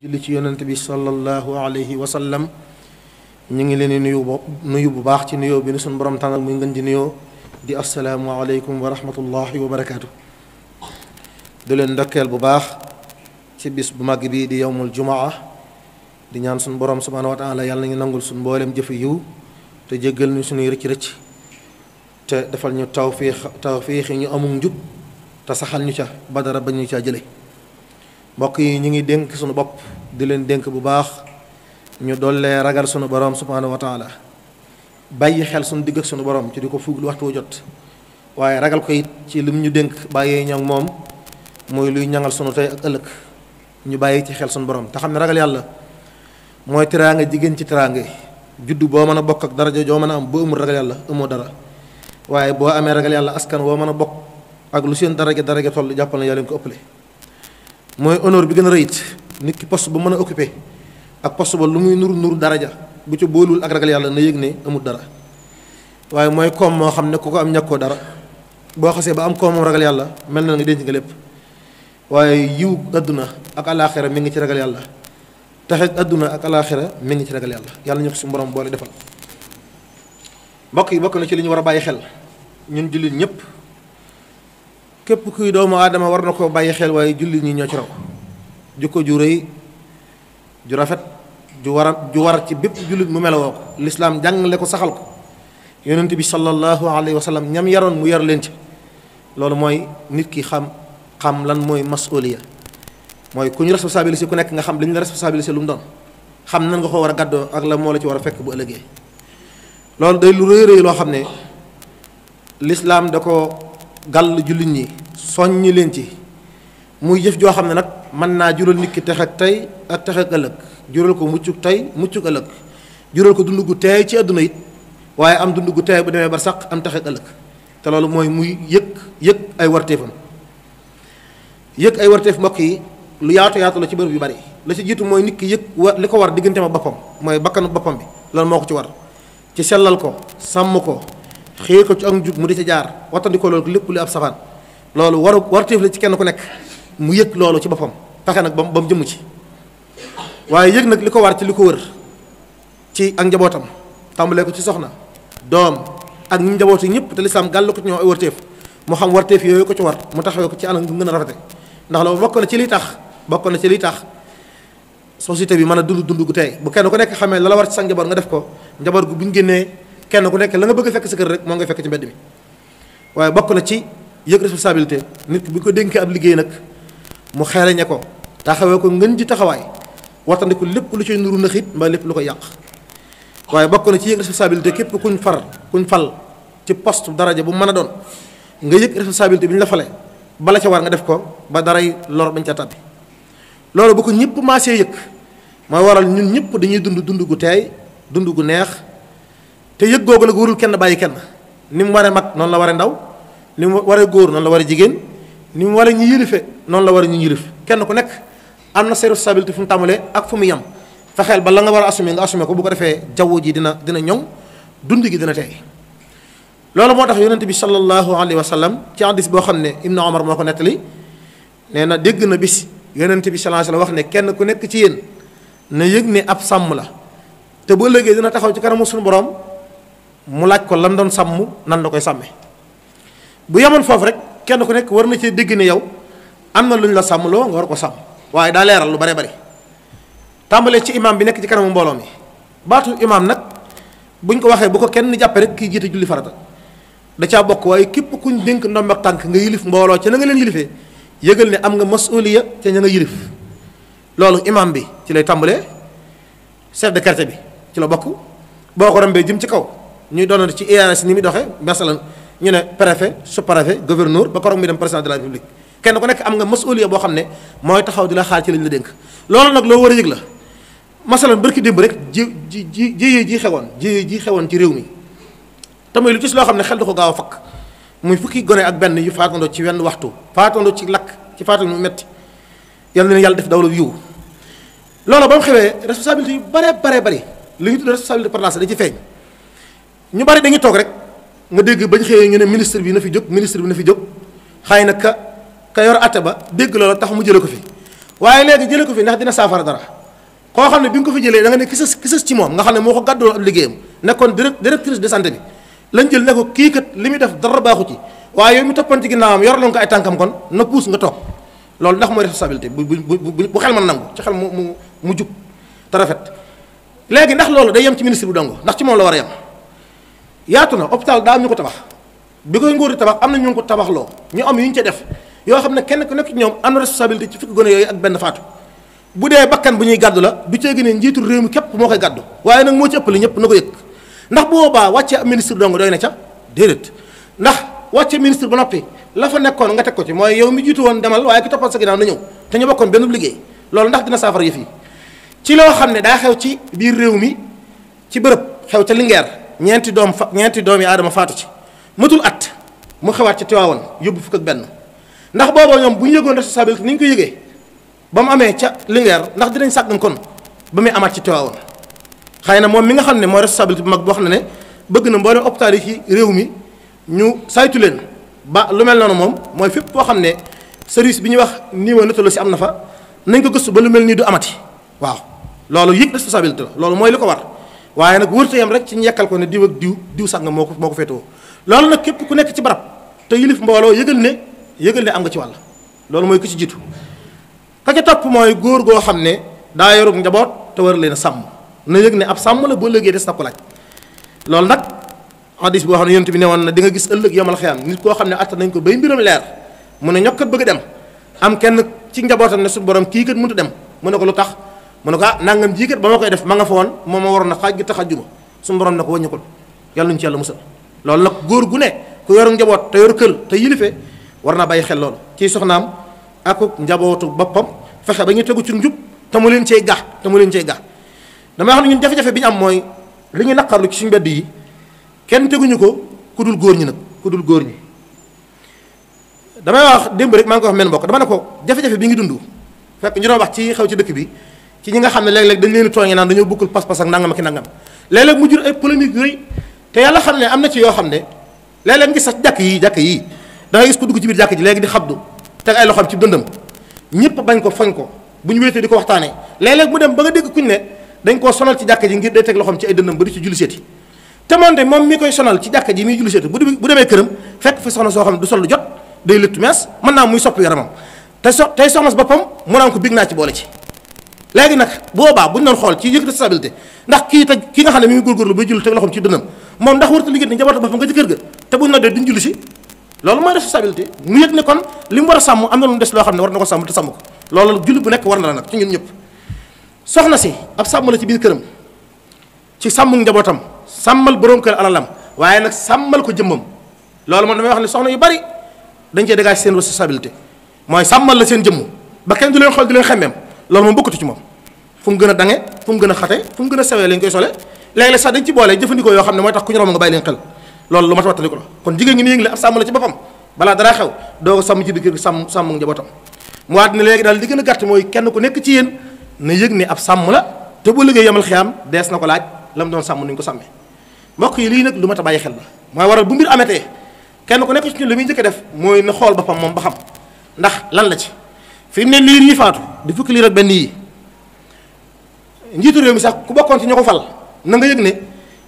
julli ci yonent bi sallallahu alayhi wa sallam ñu ngi leen di nuyu bo nuyu bu baax ci nuyoo bi ni suñu borom tànnal muy ngeen di nuyoo di asalaamu aleykum wa rahmatullahi wa barakaatu di leen ndokkeel bu baax ci bis bu màgg bii di yowmul jumaa di ñaan suñu borom subhanahu wa taala yàlla nañu nangul suñu mbooleem jëf yiw te jéggal ñu suñuy rëcc rëcc te defal ñu tawfiix tawfiix yi ñu amul njub te saxal ñu ca ba dara bañ ñu caa jëlee mbokk yi ñu ngi dénk sunu bopp di leen dénk bu baax ñu dolle ragal sunu borom subhanahu wa taala bayyi xel suñu digg suñu borom ci diko ko fuglu waxtu jot waye ragal ko it ci lim ñu dénk mom ñag mom moy luy ñangal sunu tay ak ëlëk ñu baye ci xel suñu borom ta xam ragal yalla moy teraanga digeen ci teraanga juddu bo mën bok ak daraja jo mën am bo umu ragal yalla umu dara waye bo amé ragal yalla askan wo mana bok ak lu seen daraja daraja tollu jappal na yalla ko moy honneur bi gëna reuyit nit ki poste bu mëna occuper ak poste ba lu muy nuru nuru daraja bu ci bolul ak ragal yalla na yëg ne amul dara waye moy kom mo xamne am ñàkkoo dara bo xasse ba am mo ragal yalla mel na nga denc nga lepp waye yu aduna ak alakhirah mi ngi ci ragal yalla taxit aduna ak alakhirah mi ngi ci ragal yalla yalla ñu ko suñu borom boole defal mbokk yi bokk na ci li ñu xel ñun julit ñepp képp kuy doomu aadama war na ko bàyyi xel waaye jullit ñi ñoo ci raw jukko ju rëy ju rafet ju war ju war ci bépp jullit mu melawoo ko lislaam jàngale ko saxal ko yonent bi sallallahu alayhi wa sallam ñam yaroon mu yar leen ci loolu mooy nit ki xam xam lan mooy masuliya mooy ku ñu responsabilisé ku nekk nga xam li ñu la responsabilisé lu mu doon xam nan nga ko war a ak la moo la ci war fekk bu ëllëgee loolu day lu rëy rëy loo xam ne gal julit ñi soññi leen ci muy jëf joo xam ne nag mën naa jural nit ki tex ak tey ak tex ak ëllëg jural ko muccuk tey muccuk ëllëg jural ko dund gu teey ci àdduna it waaye am dund gu teey bu demee ba sax am tex ak ëllëg te loolu mooy muy yëg yëg ay warteefam yëg ay warteef mbokk yi lu yaatu yaatu la ci bërëb yu bari la ci jiitu mooy nit ki yëg li ko war diggante ma boppam mooy bakkanu boppam bi loolu moo ko ci war ci sellal ko sàmm ko xëyee ko ci ak njub mu di ci jaar wattandikoo loolu lépp lu ab safaan loolu waru warteef la ci kenn ku nekk mu yëg loolu ci boppam pexe nag ba mu ba mu jëmm ci waaye yëg nag li ko war ci li ko wër ci ak njabootam tàmbalee ko ci soxna doom ak ñu njaboot yi ñëpp te lislaam gàll ko ci ñoom ay warteef xam warteef yooyu ko ci war mu taxawee ko ci anam bu gën a rafete ndax la bokk na ci liy tax bokk na ci liy tax société bi mën a dund dund gu tey bu kenn ku nekk xamee la la war ci sa njaboot nga ko njaboot gu génnee kenn ku nek la nga bëgg fekk sa kër rek mo nga fekk ci mbedd mi waaye bokk na ci yëg responsabilité nit bu ko dénkee ab liggéey nak mu xéré ñako taxawé ko ngeen ci taxaway wartandi ko lépp lu cey nuru xit ba lepp lu ko yaq waye bokku na ci yëg responsabilité képp kuñ far kuñ fal ci poste daraja bu mëna doon nga yëg responsabilité bi ñu la fale bala ci war nga def ko ba daray lor bañ ca tabbi lolu bu ko ma maasee yëg ma waral ñun ñepp dañuy dund dund gu tay dund gu neex te yëg googu nag warul kenn bàyyi kenn ni mu waree mag noonu la waree ndaw ni mu waree góor noonu la waree jigéen ni mu waree ñu yilife noonu la waree ñu yilif kenn ku nekk am na sa responsabilité fu mu tàmbalee ak fu mu yem fexeel ba la nga war a assumer nga assumer ko bu ko defee jaww ji dina dina ñoŋ dund gi dina tey loolu moo tax yonent bi sallallahu alayhi wa sallam ci hadis boo xam ne Ibnu Omar moo ko nettali nee na dégg na bis yonent bi sallallahu la wa wax ne kenn ku nekk ci yéen na yëg ne ab sàmm la te boo léegi dina taxaw ci kanamu suñu borom. mu laaj ko lan doon sàmm nan la koy sàmmee bu yemoon foofu rek kenn ku nekk war na cee dégg ne yow am na lu ñu la sàmm loo nga war ko sàmm waaye daa leeral lu bare bari tàmbalee ci imaam bi nekk ci kanamu mbooloo mi baatu imaam nag buñ ko waxee bu ko kenn jàppee rek kii jiite julli farata da caa bokk waaye képp kuñ dénk ndomb ak tànk nga yilif mbooloo ci na nga leen yilifee yëgal ne am nga masuliya ca ña nga yilif loolu imaam bi ci lay tàmbalee chef de bi ci la bokk boo ko rombee jëm ci kaw ñuy doonante ci IAS ni mi doxé masalan ñu ne préfet sous préfet gouverneur ba korom mi dem président de la république kenn ko nek am nga masuliya bo xamné moy taxaw dila xaar ci lañ la dénk loolu nak lo wara yegg la masalan barki démb rek ji ji ji xewon ji ji xewon ci réew mi te lu ci lo xamné xel du ko gawa fak muy fukki gone ak ben yu faatando ci wenn waxtu faatando ci lak ci faatandoo mu metti yàlla na yàlla def dawlu yu loolu bam xewé responsabilité yu bare bare bare li ñu par la sa da ci feeñ ñu bari dañuy toog rek nga dégg bañ xëyee ñu ne ministre bi na fi jóg ministre bi na fi jóg xëy na ka ka yor atte ba dégg loola tax mu jële ko fi waaye léegi jële ko fi ndax dina saafara dara koo xam ne bi nga ko fi jëlee da nga ne kisas kisas ci moom nga xam ne moo ko gàddoo ab liggéeyam nekkoon directrice de santé bi lañ jël ne ko kii kat li def dara baaxu ci waaye yow mi ci ginnaawam ko ay tànkam kon na puus nga toog loolu ndax mooy responsabilité bu bu xel man nangu ci xel mu mu mu jub te rafet léegi ndax loolu day yem ci ministre bu dong ndax ci moom la war a yatuna hôpital da am ñu ko tabax bi koy nguur tabax am na ñu ko tabax lo ñu am yuñ ci def yo xamne kenn ku nekk ñom am responsabilité ci fukki gëna yoy ak ben faatu bu dé bakkan bu ñuy gaddu la du ci gëne njitu réew mi képp mo koy gaddu waye nak mo ci ëppale ñëpp na ko ndax bu boobaa wàccee ab ministre dong doy na ca déedéet ndax wacce ministre bu noppi la fa nekkon nga tek ko ci moy yow mi jitu won demal waye ki topal sa ginaaw na ñëw te ñu bokkon benn liggéey loolu ndax dina saafara yëf ci lo xamne da xew ci biir réew mi ci bërepp xew ci lingeer ñeenti dom, fa ñeenti doom ada faatu ci mutul at mu xawat ci tiwawon yobbu fuk ak ben ndax bobo ñom bu ñu yëgoon responsabilité ni ngi ko yëgee ba ca ndax dinañ sàggan kon ba muy amaat ci tiwawon xayna mom mi nga xam mo responsabilité bu mag bo bëgg na mbolé hôpital yi réew mi ñu saytu len ba lu mel noonu mom moy fep bo xam service bi ñuy wax natul ci amna fa nañ ko gëstu ba lu mel ni du amati waaw lolu yik responsabilité lolu moy liko war waye nak wurtu yam rek ci ñu ko ne diw ak diw diw sax nga moko moko feto féetoo nak kep ku nekk ci barap te yilif mbolo yëgal ne yëgal ne am nga ci wàll loolu moy ku ci jitu ka ca top moy goor go xamne ne yoruk njabot te war leena sam na yegne ne ab sam la bo legge des na ko nak hadith bo hadis yentibi newon na di nga gis ëlëk yamal xiyam nit ko xamne ne atta nañ ko bay mbiram leer mu ne ñokkat bëgg dem am kenn ci njabootam ne su borom ki dem mu ne ko lutax mu ne ko ah nangam jii kat ba ma koy def ma nga fa woon moo ma waroon na xaaj gi tax a juma suñu borom na ko wàññikul yàlla ñu ci yàlla loolu nag góor gu ne ko yor njaboot te yor kër te yilife war naa bàyyi xel loolu ci soxnaam ak njabootu boppam fexe ba ñu tegu ci njub te mu leen cay gax te mu leen cay gax dama wax ne ñun jafe-jafe bi ñu am mooy li ñu naqarlu ci suñu mbedd yi kenn teguñu ko ku dul góor ñi nag ku dul góor ñi damay wax démb rek maa ngi ko wax dama ne ko jafe bi ngi dund fekk ñu wax ci xew ci dëkk bi ci ñi nga xam ne léeg-léeg dañ leen di tooñee naan dañoo bokkul pas-pas ak nangam ak nangam léeg mu jur ay polémique yu te yàlla xam ne am na ci yoo xam ne léeg-léeg ngi sax jàkk yi jàkk yi da ngay gis ko dugg ci biir jàkk ji léegi di xabdu teg ay loxoom ci dëndam ñëpp bañ ko fañ ko bu ñu wéetee di ko waxtaanee léeg-léeg mu dem ba nga dégg kuñ ne dañ koo sonal ci jàkk ji ngir day teg loxoom ci ay dëndam ba du ci julli seeti te moom mi koy sonal ci jàkk ji miy julli seeti bu bu demee këram fekk fi soxna xam ne du sol jot day lëttu mees mën naa muy sopp yaramam te so tey soxna boppam mu naan ko big naa ci boole ci léegi nag boobaa bu ñu doon xool ci yëg stabilité ndax kii te ki nga xam ne mu ngi góorgóorlu bay julli teg loxoom ci dënam moom ndax warta liggéey ni njabootu boppam nga te buñ noddee si loolu mooy responsabilité ne kon li mu war a sàmm am na lu mu des loo xam ne war na ko sàmm ko loolu julli bu nekk war na la nag ci ñun ñëpp soxna si ab sàmm la ci biir këram ci sàmm njabootam sàmmal borom kër alalam waaye nag sàmmal ko jëmmam loolu moom damay wax ne soxna yu bari dañ cee dégage seen responsabilité mooy sàmmal la seen jëmm ba kenn du leen xool du leen loolu mom bokku ci mom fu mu gën a dange fu mu gëna a fu mu gën a lañ koy solé léeg-léeg sax dañ ci bolé jëfëndiko yo xamné moy tax ku ñu rom nga bay leen xel loolu lu ma wattaliku la kon jigeen ngi ni yëngle ab sàmm la ci bopam bala dara xew ko sam ci bi kër sam sàmm sàmm njabootam mu wat ni légui dal li gëna gatt moy kenn ku nekk ci yeen na yëg ni ab sam la te bu liggéey yamal xiyam dess nako laaj lam doon sàmm nuñ ko samé mbokk yi li nak lu ma ta bàyyi xel la moy waral bu mbir amété kenn ku nekk ci ñun muy def moy na xol bopam mom ba xam ndax lan la ci fii ne liir yi faatu di fukki liir ak benn yi njiitu réew mi sax ku bokkoon ci ña ko fal na nga yëg ne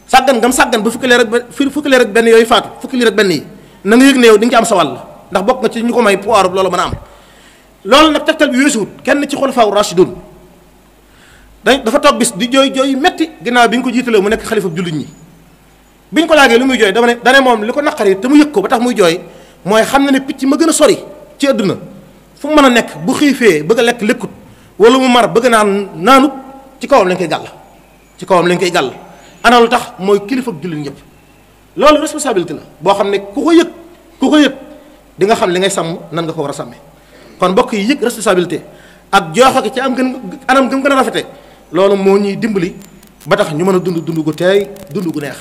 sàggan ngam sàggan ba fukki liir ak fukki liir ak benn yooyu faatu fukki liir ak benn yi na nga yëg ne yow di ci am sa wàll ndax bokk nga ci ñu ko may pouvoir loolu mën a am loolu nag tegtal bi weesuwut kenn ci xulafaaw rashidun dañ dafa toog bis di jooy jooy metti ginnaaw bi ñu ko jiitalee mu nekk xalifa jullit ñi bi ñu ko laajee lu muy jooy dama ne dane moom li ko naqari te mu yëg ko ba muy jooy mooy xam na ne picc ma gën a sori ci àdduna fu mën a nekk bu xiifee bëgg a lekk lekkut wala mu mar bëgg naan naanu ci kawam lañ koy gàll ci kawam lañ koy gàll ana lu tax mooy kilifa jullit ñëpp loolu responsabilité la boo xam ne ku ko yëg ku ko yëg di nga xam li ngay sàmm nan nga ko war a kon bokk yi yëg responsabilité ak joxe ci am gën anam gëm gën a rafete loolu moo ñuy dimbali ba tax ñu mën a dund dund gu teey dund gu neex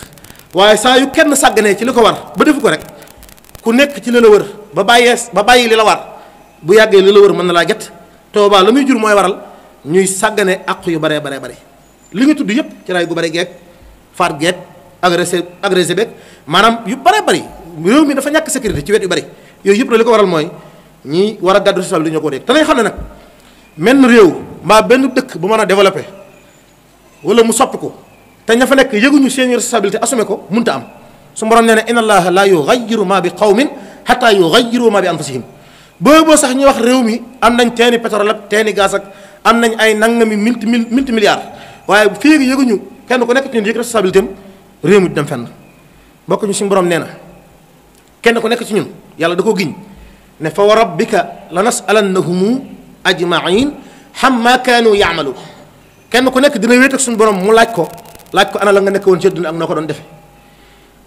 waaye saa yu kenn sàgganee ci li ko war ba defu ko rek ku nekk ci li la ba bàyyee ba bàyyi li war bu yagge li la wër man la laa toba tooba muy jur moy waral ñuy sagane ak yu bare bare bare li nga tuddu yépp ci ray gu bare geek far geek agressé agressé beeg manam yu bare bare rew mi dafa ñak sécurité ci wét yu bari yoy yépp lu ko waral moy ñi wara gaddu sa lu ñoko rek dégg te nak men rew nag benn dëkk bu mëna développer wala mu sopp ko te ñafa nek nekk yëguñu seen responsabilité assumé ko munta am su borom neena inna allaha la yughayyiru ma bi qawmin hatta yughayyiru ma bi anfusihim boo boo sax ñuy wax réew mi am nañ téni pétrole ak teeni gaz ak am nañ ay nangami multi multi milliards waaye fii yëguñu kenn ku nekk ci ñun yëg responsabilité am réew mi dem fenn bokku ñu suñu borom nee kenn ku nekk ci ñun yàlla da ko giñ ne fa warabbika lanas'alannahum ajmain hamma kanu ya'malu kenn ku nekk dina wéet ak suñu borom mu laaj ko laaj ko ana la nga nekk won ci dund ak noko doon defee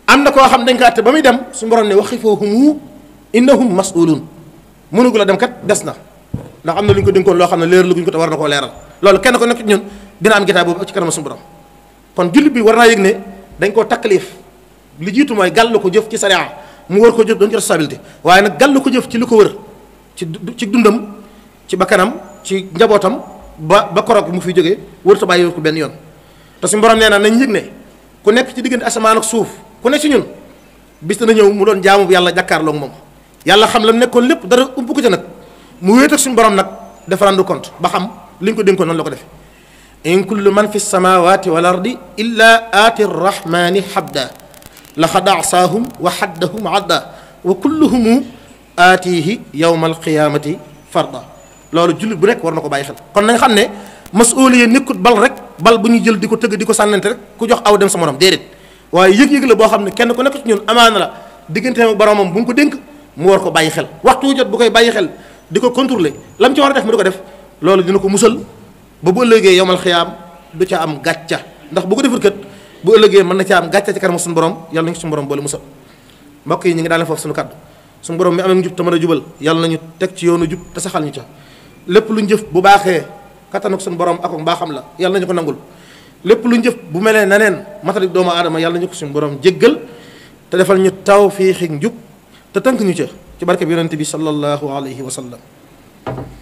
am xam dañ ka àtte bamuy dem suñu borom ne waxifuhum innahum mas'ulun mënugul la dem kat des na ndax am na lu ñu ko dénkoon loo xam ne leer lu guñ ko te war na koo leeral loolu kenn ko nekk ñun dina am jotaay boobu ci kanam suñu borom kon jullit bi war naa yëg ne dañ koo takkaliif li jiitu mooy gàll ko jëf ci sariya mu war ko jëf doon ci responsabilité waaye nag gàll ko jëf ci li ko wër ci ci dundam ci bakkanam ci njabootam ba ba korog mu fi jógee wër ta ko benn yoon te suñu borom nee na nañ yëg ne ku nekk ci diggante asamaan ak suuf ku ne ci ñun bis na ñëw mu doon jaamu yàlla jàkkaarloo moom yàlla xam la nekkoon lépp dara ump ko ca nag mu wéet suñu borom nag dafa compte ba xam li ko dénkoon noonu la ko defee in kullu man fi samawati wal ardi illa ati rrahmani habda laqad asaahum wa haddahum adda wa atihi aatihi yowma alqiyamati farda loolu jullit bu nekk war na ko bàyyi xel kon nañ xam ne masuuliya nekkut bal rek bal bu ñu jël di ko tëgg di rek ku jox aw dem sa morom déedéet waaye yëg-yëg la boo xam kenn ku nekk ci ñun amaana la digganteem ak boromam bu ko dénk mu war ko bàyyi xel waxtuwu wu jot bu koy bàyyi xel di ko contrôler lam ci war a def mu di ko def loolu dina ko musal ba bu ëllëgee yomal xiyaam du ca am gàcca ndax bu ko deful kat bu ëllëgee mën na ca am gàcca ci kanam suñu borom yàlla nañu suñu borom boole musal mbokk yi ñu ngi daal foofu suñu kaddu suñu borom mi am njub te mën a jubal yàlla nañu teg ci yoonu jub te saxal ñu ca lépp luñ jëf bu baaxee kattanuk suñu borom ak xam la yàlla ñu ko nangul lépp luñ jëf bu melee neneen matalik doomu aadama yàlla nañu ko suñu borom jéggal te defal ñu tawfiixi njub تتنك نجح تبارك بيرنتي بي صلى الله عليه وسلم